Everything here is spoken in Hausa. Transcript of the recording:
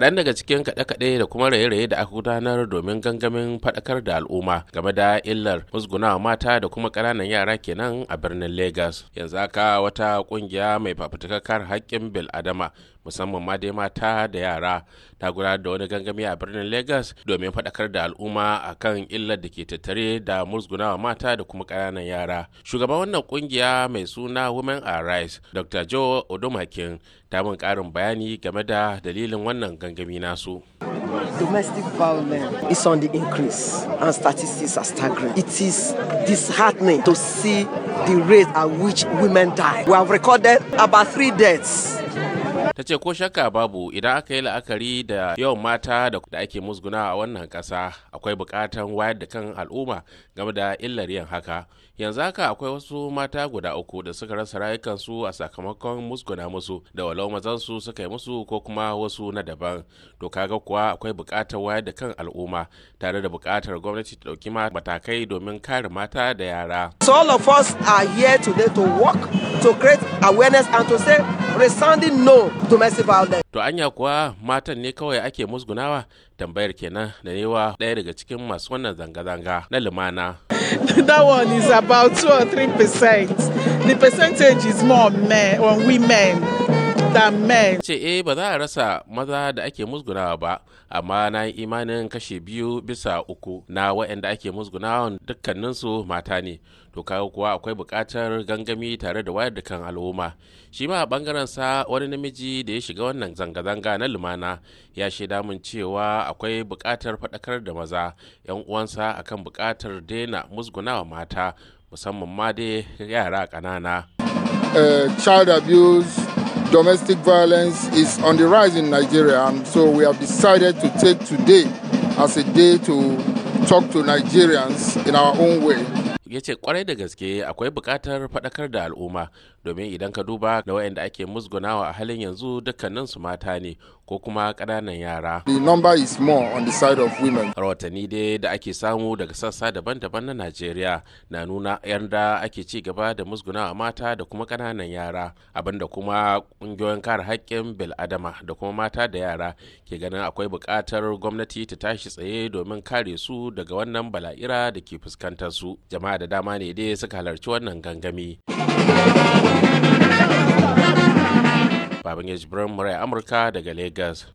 kaɗan daga cikin kaɗe-kaɗe da kuma raye-raye da aka gudanar domin gangamin faɗakar da al'umma game da illar musgunawa mata da kuma ƙananan yara kenan a birnin Legas. yanzu aka wata ƙungiya mai fafutukar haƙƙin bil adama musamman ma dai mata da yara ta gudanar da wani gangami a birnin lagos domin faɗakar da al'umma a kan illar da ke tattare da musgunawa mata da kuma ƙananan yara shugaban wannan ƙungiya mai suna women are rise dr joe odomakin ta min ƙarin bayani game da dalilin wannan gangami nasu. Domestic violence is on the increase and statistics are staggering. It is disheartening to see the rate at which women die. We have recorded about three deaths ta ce ko shakka babu idan aka yi la'akari da yawan mata da ake musguna a wannan ƙasa akwai buƙatar wayar da kan al'umma game da illar yin haka yanzu haka akwai wasu mata guda uku da suka rasa rayukansu a sakamakon musguna musu da walau mazansu suka yi musu ko kuma wasu na daban to kaga kuwa akwai buƙatar wayar da kan al'umma tare da buƙatar gwamnati ta ɗauki matakai domin kare mata da yara. So all of us are here today to work, to create awareness and to say resounding no domestic violence. To anya kuwa matan ne kawai ake musgunawa tambayar kenan da newa ɗaya daga cikin masu wannan zanga-zanga na lumana. That one is about 2 or 3 percent. The percentage is more on on women. older men. Ce eh ba za a rasa maza da ake musgunawa ba, amma na yi imanin kashe biyu bisa uku na waɗanda ake musgunawa dukkaninsu mata ne. To kawo kuwa akwai buƙatar gangami tare da wayar da kan al'umma. Shi ma a ɓangaren sa wani namiji da ya shiga wannan zanga-zanga na lumana ya shaida mun cewa akwai buƙatar faɗakar da maza 'yan uwansa akan buƙatar daina musgunawa mata musamman ma dai yara ƙanana. Eh, child abuse domestic violence is on the rise in Nigeria, and so we have decided to take today as a day to talk to Nigerians in our own way. ya ce kwarai da gaske akwai bukatar faɗakar da al'umma domin idan ka duba da waɗanda ake musgunawa a halin yanzu dukkanin su mata ne ko kuma kananan yara. The number is more on the side of women. Rahotanni dai da ake samu daga sassa daban-daban na Najeriya na nuna 'yanda ake ci gaba da musgunawa mata da kuma kananan yara abinda kuma ƙungiyoyin kare haƙƙin adama da kuma mata da yara ke ganin akwai buƙatar gwamnati ta tashi tsaye domin kare su daga wannan bala'ira da ke fuskantar su. Jama'a da dama ne dai suka halarci wannan gangami. Baban Yajibirin Murai Amurka daga Lagos.